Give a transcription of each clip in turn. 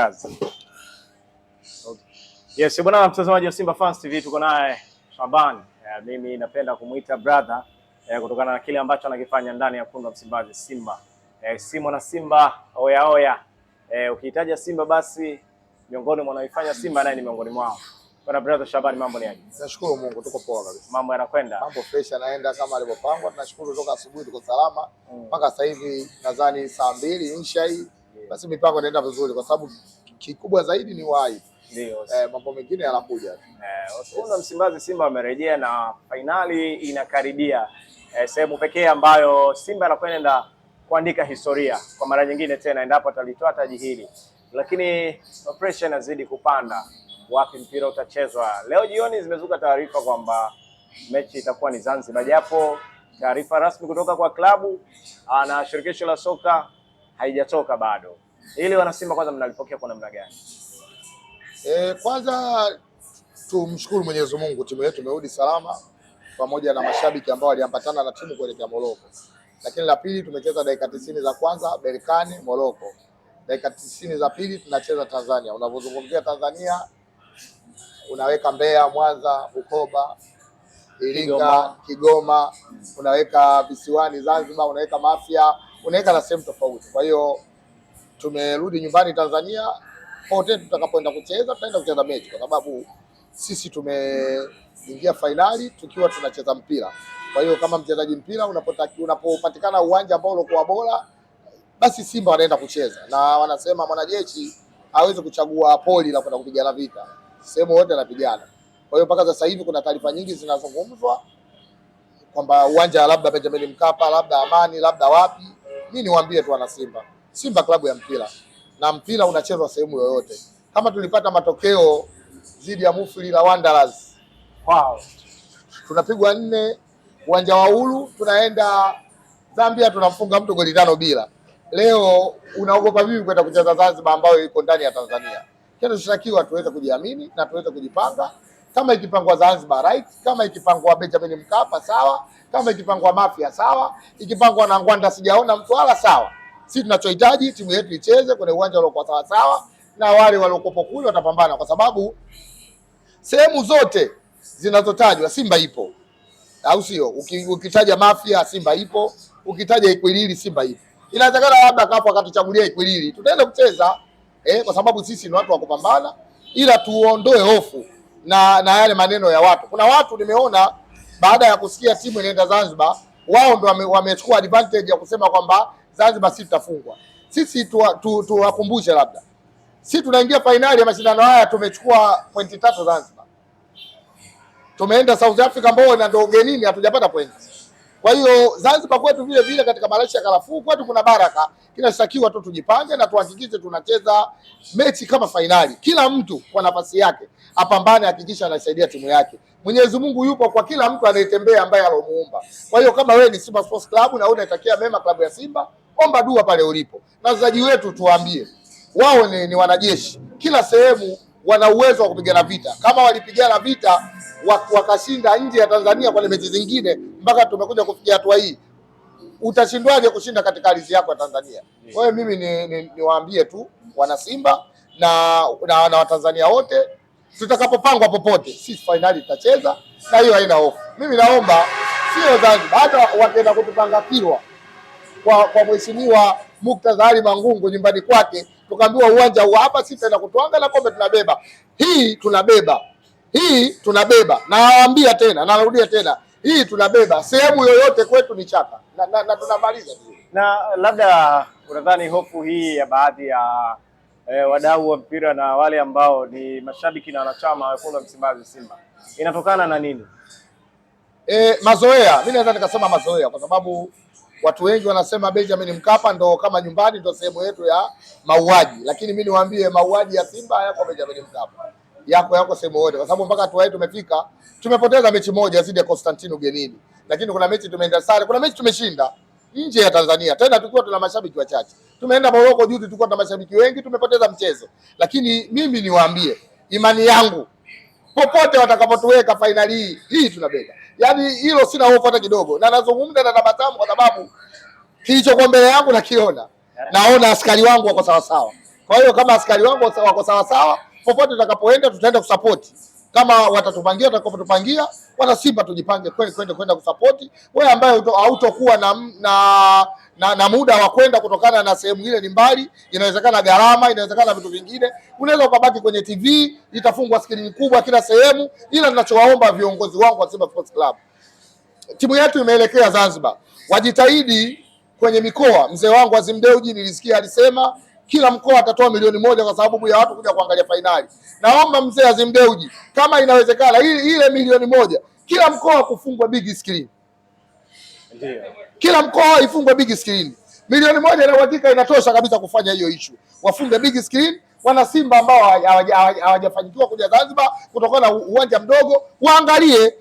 kazi. Okay. Yes, bwana mtazamaji wa Simba Fans TV tuko naye Shaban. Yeah, mimi napenda kumuita brother eh, kutokana na kile ambacho anakifanya ndani ya kunda Msimbazi Simba. Eh, si mwana Simba oya oya. Eh, ukihitaja Simba basi miongoni mwa wanaoifanya Simba naye ni miongoni mwao. Bwana brother Shaban, mambo ni aje? Nashukuru Mungu tuko poa kabisa. Mambo yanakwenda. Mambo fresh yanaenda kama alivyopangwa. Tunashukuru toka asubuhi tuko salama. Mm. Mpaka mm. sasa hivi nadhani saa mbili insha hii basi mipango inaenda vizuri, kwa sababu kikubwa zaidi ni wai. eh, mambo mengine yanakuja. Eh, una Msimbazi, Simba wamerejea na fainali inakaribia, eh, sehemu pekee ambayo Simba anakwenda kuandika historia kwa mara nyingine tena endapo atalitoa taji hili, lakini presha inazidi kupanda. Wapi mpira utachezwa leo jioni? Zimezuka taarifa kwamba mechi itakuwa ni Zanzibar, japo taarifa rasmi kutoka kwa klabu na shirikisho la soka haijatoka bado, ili wanasimba kwanza mnalipokea kwa namna gani? E, kwanza tumshukuru Mwenyezi Mungu, timu yetu imerudi salama pamoja na mashabiki ambao waliambatana na timu kuelekea Moroko. Lakini la pili, tumecheza dakika tisini za kwanza Berkane Moroko, dakika tisini za pili tunacheza Tanzania. Unavyozungumzia Tanzania unaweka Mbeya, Mwanza, Bukoba, Iringa, Kigoma, Kigoma unaweka visiwani Zanzibar, unaweka Mafia unaweka na sehemu tofauti. Kwa hiyo tumerudi nyumbani Tanzania, pote tutakapoenda kucheza tutaenda kucheza mechi, kwa sababu sisi tumeingia fainali tukiwa tunacheza mpira. Kwa hiyo kama mchezaji mpira unapopatikana uwanja ambao ulikuwa bora, basi Simba wanaenda kucheza, na wanasema mwanajeshi hawezi kuchagua poli la kwenda kupigana vita, sehemu yote anapigana. Kwa hiyo mpaka sasa hivi kuna taarifa nyingi zinazungumzwa kwamba uwanja labda Benjamin Mkapa, labda Amani, labda wapi mimi niwaambie tu wana Simba, Simba klabu ya mpira na mpira unachezwa sehemu yoyote. Kama tulipata matokeo dhidi ya Mufuli la Wanderers wow, tunapigwa nne uwanja wa Uhuru, tunaenda Zambia tunafunga mtu goli tano bila. Leo unaogopa vipi kwenda kucheza Zanzibar ambayo iko ndani ya Tanzania? Kile tunatakiwa tuweze kujiamini na tuweze kujipanga kama ikipangwa Zanzibar right, kama ikipangwa Benjamin Mkapa sawa, kama ikipangwa Mafia sawa, ikipangwa na Ngwanda sijaona mtu wala sawa. Sisi tunachohitaji timu yetu icheze kwenye uwanja uliokuwa sawa sawa, na wale waliokopo kule watapambana, kwa sababu sehemu zote zinazotajwa Simba ipo, au sio? Ukitaja Mafia Simba ipo, ukitaja Ikwilili Simba ipo. Inawezekana labda kapo akatuchagulia Ikwilili, tutaenda kucheza eh, kwa sababu sisi ni watu wa kupambana, ila tuondoe hofu na na yale maneno ya watu. Kuna watu nimeona baada ya kusikia timu inaenda Zanzibar, wao ndo wamechukua wame advantage ya kusema kwamba Zanzibar si tutafungwa. Sisi tuwakumbushe tu, labda si tunaingia fainali ya mashindano haya, tumechukua pointi tatu Zanzibar, tumeenda South Africa ambao na ndo ugenini hatujapata pointi kwa hiyo Zanzibar kwetu vile vile katika marashi ya karafuu kwetu kuna baraka, kinashtakiwa tu tujipange na tuhakikishe tunacheza mechi kama fainali. Kila mtu kwa nafasi yake apambane, hakikisha anasaidia timu yake. Mwenyezi Mungu yupo kwa kila mtu anayetembea ambaye alomuumba. Kwa hiyo kama wewe ni Simba Sports Club na unaitakia mema klabu ya Simba, omba dua pale ulipo, na wachezaji wetu tuwaambie wao ni, ni wanajeshi kila sehemu wana uwezo wa kupigana vita. Kama walipigana vita wakashinda nje ya Tanzania kwenye mechi zingine, mpaka tumekuja kufikia hatua hii, utashindwaje kushinda katika ardhi yako ya Tanzania? Kwa hiyo mimi niwaambie ni, ni tu wana Simba na, na, na Watanzania wote tutakapopangwa popote, sisi fainali tutacheza na hiyo haina hofu. Mimi naomba sio Zanzibar, hata wakienda kutupanga Kilwa kwa, kwa mheshimiwa Murtaza Ali Mangungu nyumbani kwake, tukaambiwa uwanja huu hapa, sisi tena kutwanga na kombe tunabeba. Hii tunabeba, hii tunabeba, nawaambia tena, narudia tena hii tunabeba sehemu yoyote, kwetu ni chapa na, na, na tunamaliza Na labda unadhani hofu hii ya baadhi ya eh, wadau wa mpira na wale ambao ni mashabiki na wanachama wa wekundu wa Msimbazi Simba inatokana na nini? E, mazoea. Mimi naweza nikasema mazoea, kwa sababu watu wengi wanasema Benjamin Mkapa ndo kama nyumbani, ndo sehemu yetu ya mauaji, lakini mimi niwaambie mauaji ya Simba hayako Benjamin Mkapa yako yako sehemu yote, kwa sababu mpaka hatua hii tumefika, tumepoteza mechi moja zidi ya Constantino ugenini, lakini kuna mechi tumeenda sare, kuna mechi tumeshinda nje ya Tanzania tena tukiwa tuna mashabiki wachache. Tumeenda Morocco juzi tulikuwa tuna mashabiki wengi, tumepoteza mchezo. Lakini mimi niwaambie, imani yangu popote watakapotuweka fainali hii hii tunabeba, yani, hilo sina hofu hata kidogo, na nazungumza na tabasamu kwa sababu kilichokuwa mbele yangu nakiona, naona askari wangu wako sawasawa. Kwa hiyo kama askari wangu wako sawasawa popote tutakapoenda tutaenda kusapoti kama watatupangia tupangia wana Simba tujipange kweli kwenda kwenda kusapoti wewe, ambaye hautokuwa na, na, na, na muda wa kwenda kutokana na sehemu ile ni mbali, inawezekana gharama, inawezekana vitu vingine, unaweza ukabaki kwenye TV itafungwa skrini kubwa kila sehemu, ila ninachowaomba viongozi wangu wa Simba Sports Club, timu yetu imeelekea Zanzibar, wajitahidi kwenye mikoa. Mzee wangu Azimdeuji nilisikia alisema kila mkoa atatoa milioni moja kwa sababu ya watu kuja kuangalia fainali. Naomba mzee azimbeuji kama inawezekana, ile, ile milioni moja kila mkoa kufungwa big screen, kila mkoa ifungwe big screen. Milioni moja na uhakika inatosha kabisa kufanya hiyo ishu, wafunge big screen. Wana Simba ambao hawajafanyikiwa kuja Zanzibar kutokana na uwanja mdogo, waangalie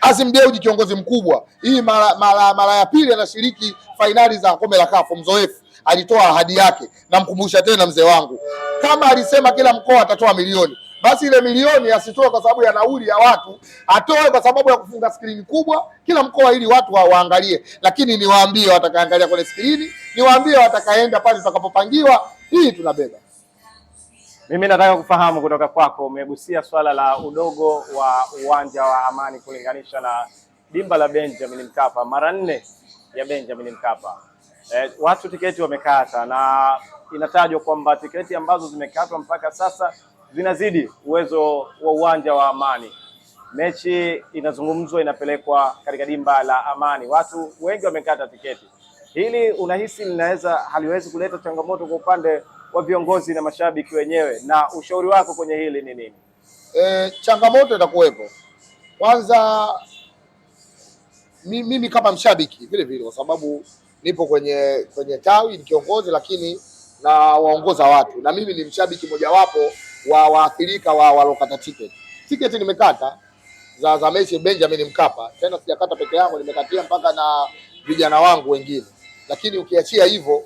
Azim Deuji kiongozi mkubwa, hii mara, mara, mara ya pili anashiriki fainali za kombe la Kafu. Mzoefu alitoa ahadi yake, namkumbusha tena mzee wangu, kama alisema kila mkoa atatoa milioni basi ile milioni asitoe kwa sababu ya nauli ya watu, atoe kwa sababu ya kufunga skrini kubwa kila mkoa, ili watu wa waangalie. Lakini niwaambie watakaangalia kwenye skrini, niwaambie watakaenda pale tutakapopangiwa, hii tunabeba. Mimi nataka kufahamu kutoka kwako, umegusia swala la udogo wa uwanja wa Amani kulinganisha na dimba la Benjamin Mkapa, mara nne ya Benjamin Mkapa. E, watu tiketi wamekata na inatajwa kwamba tiketi ambazo zimekatwa mpaka sasa zinazidi uwezo wa uwanja wa Amani. Mechi inazungumzwa inapelekwa katika dimba la Amani, watu wengi wamekata tiketi. Hili unahisi linaweza haliwezi kuleta changamoto kwa upande wa viongozi na mashabiki wenyewe, na ushauri wako kwenye hili ni nini? E, changamoto itakuwepo. Kwanza mimi kama mshabiki vile vile, kwa sababu nipo kwenye kwenye tawi ni kiongozi, lakini na waongoza watu, na mimi ni mshabiki mojawapo wa waathirika wa walokata tiketi. Tiketi nimekata za za mechi Benjamin Mkapa, tena sijakata peke yangu, nimekatia mpaka na vijana wangu wengine, lakini ukiachia hivyo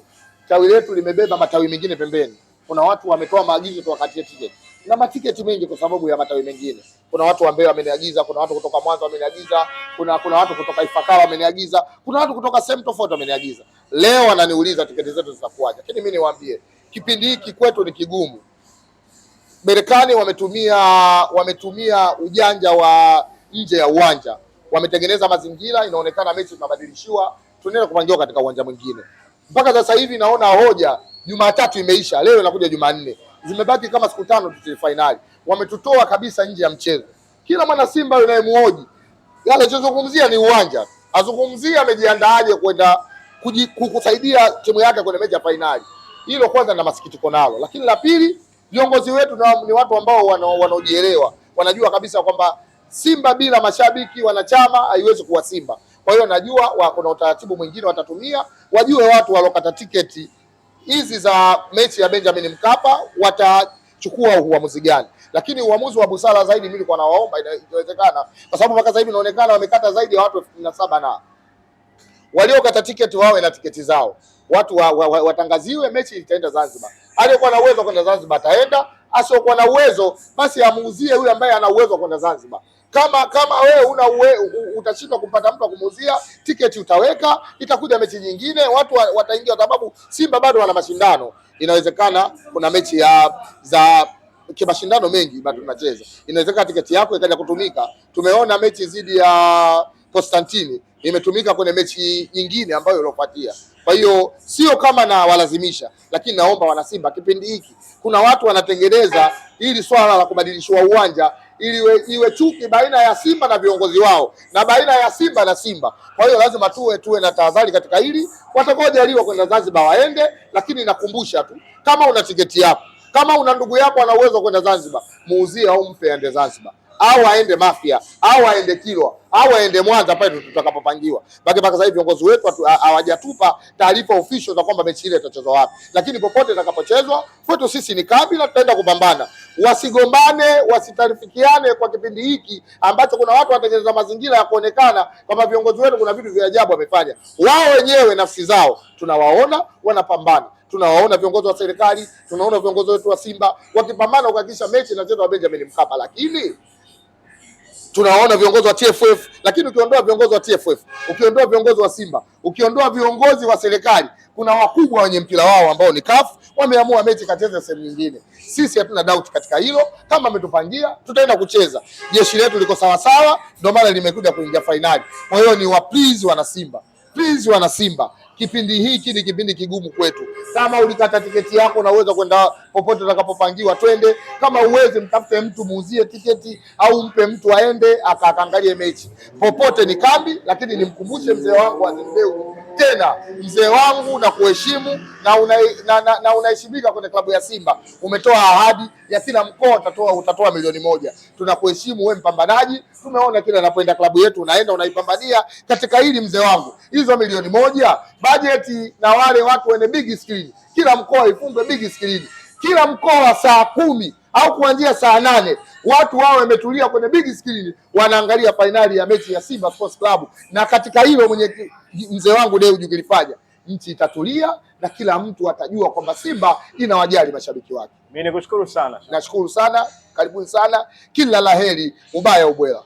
tawi letu limebeba matawi mengine pembeni. Kuna watu wametoa maagizo tuwakatie tiketi na matiketi mengi kwa sababu ya matawi mengine. Kuna watu ambao wameniagiza, kuna watu kutoka Mwanza wameniagiza, kuna kuna watu kutoka Ifakara wameniagiza, kuna watu kutoka sehemu tofauti wameniagiza. Leo wananiuliza tiketi zetu zitakuwaje, lakini mimi niwaambie kipindi hiki kwetu ni kigumu. Marekani wametumia wametumia ujanja wa nje ya uwanja, wametengeneza mazingira, inaonekana mechi tunabadilishiwa, tunaenda kupangiwa katika uwanja mwingine. Mpaka sasa hivi naona hoja, Jumatatu imeisha, leo inakuja Jumanne, zimebaki kama siku tano tutie finali. Wametutoa kabisa nje ya mchezo. Kila mwana Simba unayemhoji yale anachozungumzia ni uwanja, azungumzia amejiandaaje kwenda kusaidia timu yake kwenye mechi ya fainali. Hilo kwanza na masikitiko nalo, lakini la pili, viongozi wetu ni watu ambao wanaojielewa, wanajua kabisa kwamba Simba bila mashabiki, wanachama haiwezi kuwa Simba. Kwa hiyo najua wako na utaratibu mwingine watatumia, wajue watu walokata tiketi hizi za mechi ya Benjamin Mkapa watachukua uamuzi gani, lakini uamuzi wa busara zaidi mimi nilikuwa nawaomba, inawezekana, kwa sababu mpaka sasa hivi inaonekana wamekata zaidi ya watu elfu kumi na saba na waliokata tiketi wawe na tiketi zao, watu wa, wa, wa, watangaziwe mechi itaenda Zanzibar. Aliyekuwa na uwezo kwenda Zanzibar ataenda, asiokuwa na uwezo basi amuuzie yule ambaye ana uwezo kwenda Zanzibar. Kama kama wewe una utashindwa kumpata mtu kumuzia tiketi, utaweka itakuja mechi nyingine, watu wataingia, kwa sababu Simba bado wana mashindano. Inawezekana kuna mechi ya za kimashindano mengi bado tunacheza, inawezekana tiketi yako ikaja kutumika. Tumeona mechi dhidi ya Konstantini imetumika kwenye mechi nyingine ambayo iliyofuatia. Kwa hiyo sio kama na walazimisha, lakini naomba wanasimba, kipindi hiki kuna watu wanatengeneza hili swala la kubadilishiwa uwanja ili iwe chuki baina ya Simba na viongozi wao na baina ya Simba na Simba. Kwa hiyo lazima tuwe tuwe na tahadhari katika hili. Watakaojaliwa kwenda Zanzibar waende, lakini nakumbusha tu, kama una tiketi yako, kama una ndugu yako ana uwezo kwenda Zanzibar, muuzie au mpe aende Zanzibar au aende Mafia au aende Kilwa au aende Mwanza pale tutakapopangiwa. Baki mpaka sasa hivi viongozi wetu hawajatupa taarifa official za kwamba mechi ile itachezwa wapi, lakini popote itakapochezwa kwetu sisi ni kambi na tutaenda kupambana wasigombane, wasitarifikiane kwa kipindi hiki ambacho kuna watu wanatengeneza mazingira ya kuonekana kwamba viongozi wetu kuna vitu vya ajabu wamefanya. Wao wenyewe nafsi zao tunawaona wanapambana tunawaona viongozi wa serikali, tunaona viongozi wetu wa Simba wakipambana kuhakikisha mechi inachezwa Benjamin Mkapa, lakini tunawaona viongozi wa TFF, lakini ukiondoa viongozi wa TFF, ukiondoa viongozi wa Simba, ukiondoa viongozi wa serikali, kuna wakubwa wenye mpira wao ambao ni CAF wameamua mechi kacheze sehemu nyingine. Sisi hatuna doubt katika hilo, kama ametupangia tutaenda kucheza. Jeshi letu liko sawasawa, ndio maana limekuja kuingia fainali. Kwa hiyo ni wa please wana Simba, please wana Simba Kipindi hiki ni kipindi kigumu kwetu. Kama ulikata tiketi yako, unaweza kwenda popote utakapopangiwa, twende. Kama uwezi, mtafute mtu muuzie tiketi, au mpe mtu aende akaangalie mechi. Popote ni kambi, lakini nimkumbushe mzee wangu Azimdeu tena mzee wangu na kuheshimu na unaheshimika na, na, na kwenye klabu ya Simba. Umetoa ahadi ya kila mkoa utatoa utatoa milioni moja. Tunakuheshimu wewe mpambanaji, tumeona kila anapoenda klabu yetu unaenda unaipambania. Katika hili mzee wangu, hizo milioni moja bajeti na wale watu wenye big screen, kila mkoa ifungwe big screen, kila mkoa saa kumi au kuanzia saa nane watu wao wametulia kwenye big screen wanaangalia fainali ya mechi ya Simba Sports Club. Na katika hilo mwenye mzee wangu leo ukilifanya, nchi itatulia na kila mtu atajua kwamba Simba inawajali mashabiki wake. Mimi nikushukuru sana, nashukuru sana, karibuni sana, kila laheri, ubaya ubwela.